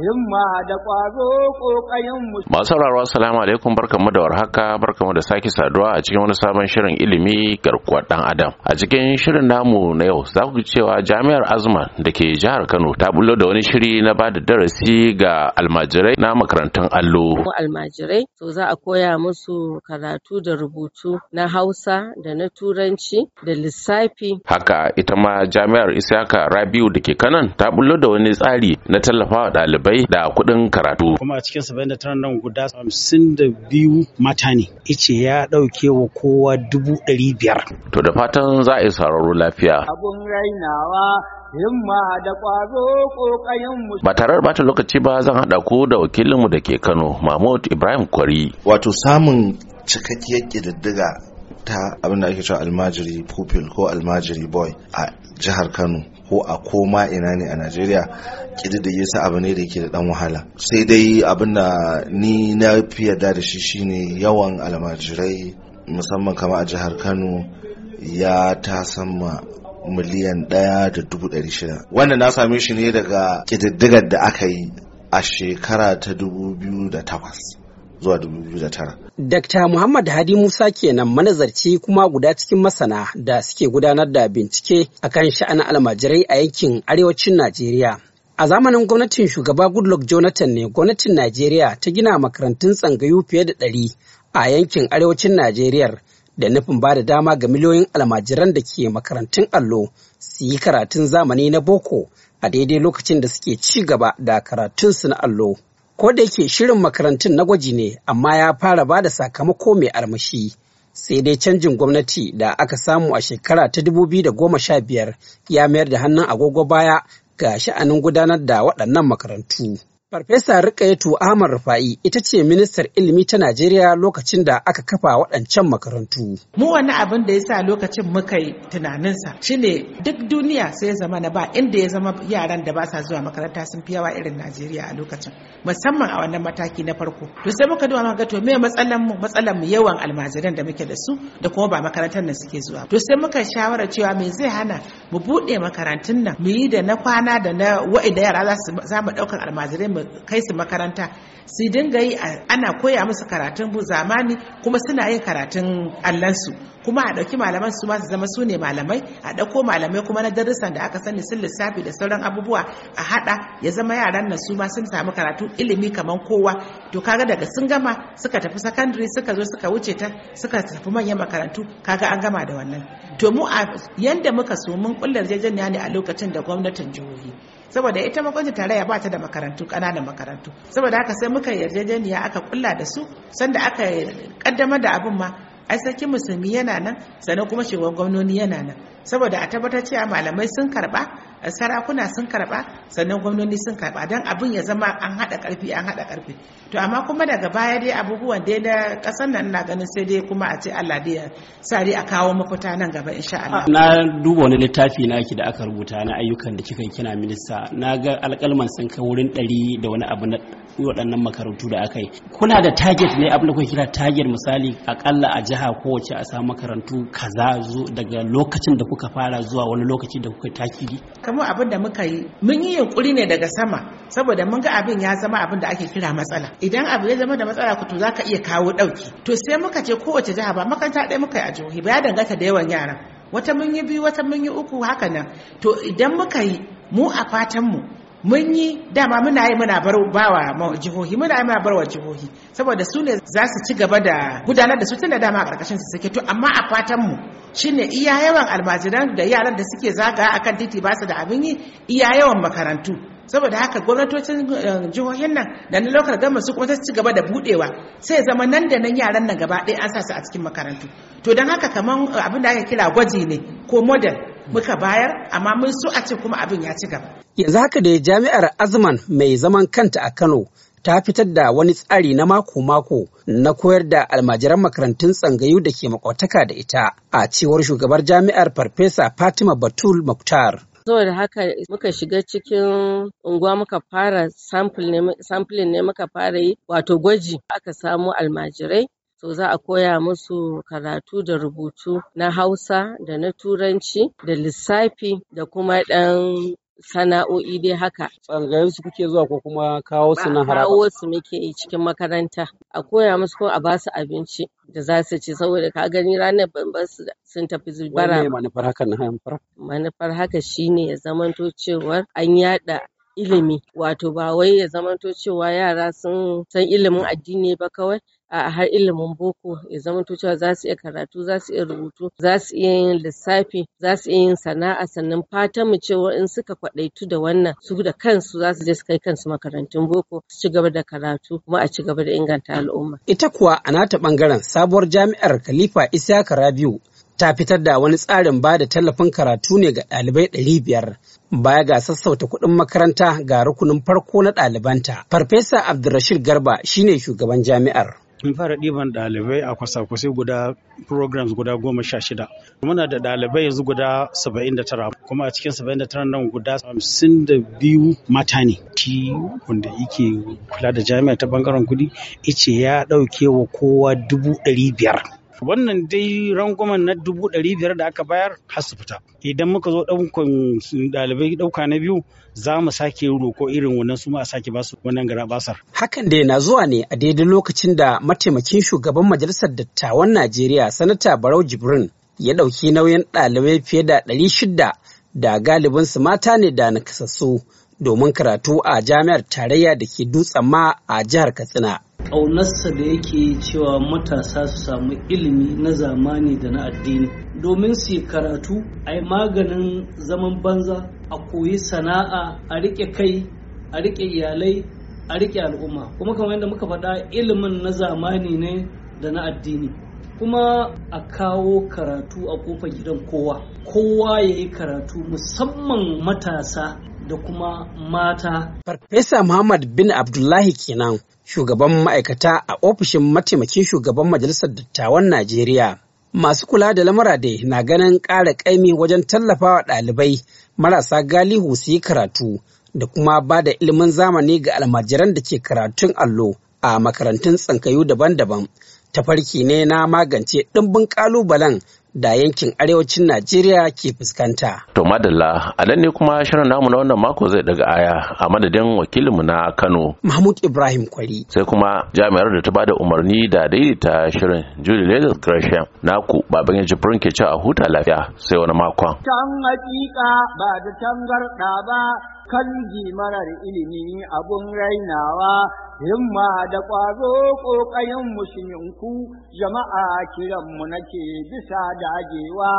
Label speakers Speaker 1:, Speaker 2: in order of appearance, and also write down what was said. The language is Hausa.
Speaker 1: himma da ƙwazo
Speaker 2: ƙoƙayen Masu sauraro assalamu alaikum barkamu da warhaka barkamu da sake saduwa a cikin wani sabon shirin ilimi garkuwar ɗan adam. A cikin shirin namu na yau za ku cewa jami'ar Azman da ke jihar Kano ta bullo da wani shiri na ba da darasi ga almajirai na makarantun allo.
Speaker 3: Almajirai to za a koya musu karatu da rubutu na Hausa da na Turanci da lissafi.
Speaker 2: Haka ita ma jami'ar Isaka Rabiu da ke Kanan ta bullo da wani tsari na tallafawa ɗalibai ɗalibai da kuɗin karatu.
Speaker 1: Kuma a cikin saba'in da tara nan guda hamsin da biyu mata ne. Ice ya ɗauke wa kowa dubu ɗari biyar.
Speaker 2: To da fatan za a yi sararu lafiya. Abun rainawa
Speaker 1: himma da ƙwazo ƙoƙarin Ba tare
Speaker 2: da lokaci ba zan haɗa ku da wakilinmu da ke Kano, Mahmud Ibrahim Kwari. Wato samun cikakkiyar ƙididdiga ta abin da ake cewa almajiri pupil ko almajiri boy a jihar Kano ko a koma ina ne a najeriya ƙididdige sa abu ne da yake da ɗan wahala sai dai abin da ni na fi yarda da shi shine yawan almajirai musamman kama a jihar kano ya sama miliyan ɗaya da dubu ɗari shida wannan na same shi ne daga ƙididdigar da aka yi a shekara ta dubu biyu da takwas zuwa 2009.
Speaker 1: Muhammad Hadi Musa kenan manazarci kuma guda cikin masana da suke gudanar da bincike a kan sha'anin almajirai a yankin arewacin Najeriya. A zamanin gwamnatin shugaba Goodluck Jonathan ne gwamnatin Najeriya ta gina makarantun tsangayu fiye da ɗari a yankin arewacin Najeriya da nufin ba da dama ga miliyoyin almajiran da ke makarantun allo su yi karatun zamani na boko a daidai lokacin da suke ci gaba da karatunsu na allo. Ko da yake shirin makarantun na gwaji ne, amma ya fara ba da sakamako mai armashi. Sai dai canjin gwamnati da aka samu a shekara ta dubu biyu da goma sha biyar ya mayar da hannun agogo baya ga sha'anin gudanar da waɗannan makarantu. Farfesa Rikaitu Ahmad Rufa'i ita ce ministar ilimi ta Najeriya lokacin da aka kafa waɗancan makarantu. Mu wani abin da ya sa lokacin muka yi tunaninsa shine duk duniya sai ya
Speaker 4: zama na ba inda ya zama yaran da ba sa zuwa makaranta sun fi yawa irin Najeriya a lokacin musamman a wannan mataki na farko. To sai muka duba muka ga to me matsalan mu matsalan mu yawan almajiran da muke da su da kuma ba makarantar nan suke zuwa. To sai muka shawara cewa me zai hana mu buɗe makarantun nan mu yi da na kwana da na wa'ida yara za mu ɗaukar almajirai mu kai su makaranta su dinga yi ana koya musu karatun zamani kuma suna yin karatun allansu kuma a ɗauki malaman su masu zama su ne malamai a ɗauko malamai kuma na darussan da aka sani sun lissafi da sauran abubuwa a haɗa ya zama yaran nan su ma sun samu karatu ilimi kamar kowa to kaga daga sun gama suka tafi sakandare suka zo suka wuce ta suka tafi manyan makarantu kaga an gama da wannan to mu a yanda muka so mun kullar jajjan ne a lokacin da gwamnatin jihohi saboda ita magwajin tarayya ba ta da makarantu ƙananan makarantu saboda haka sai muka yarjejeniya aka kulla da su sanda aka kaddamar da abin ma ai sarkin musulmi yana nan sannan kuma shugaban gwamnoni yana nan saboda a tabbatar cewa malamai sun karba sarakuna sun karba sannan gwamnoni sun karba don abin ya zama an haɗa ƙarfi an haɗa karfi to amma kuma daga baya dai abubuwan dai na kasar nan na ganin sai dai kuma a ce Allah dai ya sa a kawo mafita nan gaba insha Allah
Speaker 1: na duba wani littafi na ki da aka rubuta na ayyukan da kika kina minista na ga alƙalman sun kai wurin ɗari da wani abu na waɗannan makarantu da aka yi kuna da target ne abin da kuka kira target misali akalla a jiha kowace a samu makarantu kaza daga lokacin da kuka fara zuwa wani lokaci da kuka takiri haka abin da muka yi mun yi yunkuri ne daga sama saboda mun ga abin ya zama abin da ake
Speaker 4: kira matsala idan abu ya zama da matsala ku to za ka iya kawo ɗauki to sai muka ce kowace jiha ba makanta ɗaya muka yi a jihohi ba ya danganta da yawan yaran wata mun yi biyu wata mun yi uku haka nan to idan muka yi mu a fatan mu mun yi dama muna yi muna bar bawa jihohi muna yi muna bar wa jihohi saboda su ne za su ci gaba da gudanar da su tun dama a ƙarƙashin su suke to amma a fatan mu shine iya yawan almajiran da yaran da suke zagaya akan titi ba da abin yi iya yawan makarantu saboda haka gwamnatocin eh, jihohin nan da na lokal gama su kuma ta ci gaba da budewa sai zama nan da nan yaran nan gaba ɗaya an sa su a cikin makarantu to don haka kamar eh, abin da aka kira gwaji ne ko model muka bayar amma mun so a ce kuma abin ya ci gaba
Speaker 1: yanzu haka da jami'ar azman mai zaman kanta a kano ta fitar da wani tsari na mako-mako na koyar da almajiran makarantun tsangayu da ke makwataka da ita a cewar shugabar jami'ar farfesa fatima batul muktar
Speaker 3: da haka muka shiga cikin unguwa muka fara sampling ne muka fara yi wato gwaji aka samu almajirai to za a koya musu karatu da rubutu na hausa da na turanci da lissafi da kuma ɗan sana'o'i dai haka. Tsangayar su kuke zuwa ko kuma kawo su na haraba? Kawo su muke yi cikin makaranta. A koya musu ko a ba su abinci da za su ci saboda ka gani ranar ban su sun tafi zubara. Wani manufar haka na hanfar? Manufar haka shine ya zamanto cewar an yada ilimi wato ba wai ya zamanto cewa yara sun san ilimin addini ba kawai a'a har ilimin boko ya zamanto cewa za su iya karatu za su iya rubutu za su iya yin lissafi za su iya yin sana'a sannan fatan mu cewa in suka kwadaitu da wannan su da kansu za su je su kai kansu makarantun boko su ci gaba da karatu kuma a ci gaba da inganta al'umma
Speaker 1: ita kuwa a nata bangaren sabuwar jami'ar Khalifa isa Rabiu ta fitar da wani tsarin ba da tallafin karatu ne ga ɗalibai ɗari biyar baya ga sassauta kuɗin makaranta ga rukunin farko na ɗalibanta. Farfesa Abdulrashid Garba shine shugaban jami'ar. mun fara ɗiban ɗalibai a kwasa-kwasai guda programs guda goma sha shida muna da ɗalibai yanzu guda saba'in da tara kuma a cikin saba'in da tara nan guda hamsin da biyu mata ne shi wanda yake kula da jami'a ta bangaren kudi ice ya ɗauke wa kowa dubu ɗari biyar wannan dai rangwamen na dubu ɗari biyar da aka bayar har su fita idan muka zo ɗaukan ɗalibai ɗauka na biyu za mu sake roko irin wannan su ma a sake basu wannan gara basar. Hakan dai na zuwa ne a daidai lokacin da mataimakin shugaban majalisar dattawan Najeriya sanata Barau Jibrin ya ɗauki nauyin ɗalibai fiye da ɗari shida da galibinsu mata ne da nakasassu domin karatu a jami'ar tarayya da ke dutsen ma a jihar Katsina. ƙaunarsa da yake cewa matasa su samu ilimi na zamani da na addini domin su karatu a maganin zaman banza a koyi sana'a a riƙe kai a riƙe iyalai a riƙe al'umma kuma kamar yadda muka faɗa ilimin na zamani ne da na addini kuma a kawo karatu a kofar gidan kowa kowa ya yi karatu musamman matasa da kuma mata. Farfesa Muhammad bin Abdullahi kenan shugaban ma'aikata a ofishin mataimakin shugaban Majalisar Dattawan Najeriya. Masu kula da lamura dai na ganin ƙara ƙaimi wajen tallafawa ɗalibai marasa galihu su yi karatu da kuma ba da ilimin zamani ga almajiran da ke karatun allo a makarantun tsankayu daban-daban. Tafarki ne na magance ɗimbin ƙalubalen da yankin arewacin Najeriya ke fuskanta.
Speaker 2: To madalla a nan ne kuma shirin namu na wannan mako zai daga aya a madadin wakilinmu na Kano.
Speaker 1: Mahmud Ibrahim
Speaker 2: Kwari. Sai kuma jami'ar da ta bada umarni da daidaita shirin Julie Lagos Gresham naku baban ya jibrin ke ci a huta lafiya sai wani makon.
Speaker 1: Can hakika ba da tangarda ba kan marar ilimi abun rainawa himma da ƙwazo ƙoƙayen musulminku jama'a kiran mu nake bisa dagewa.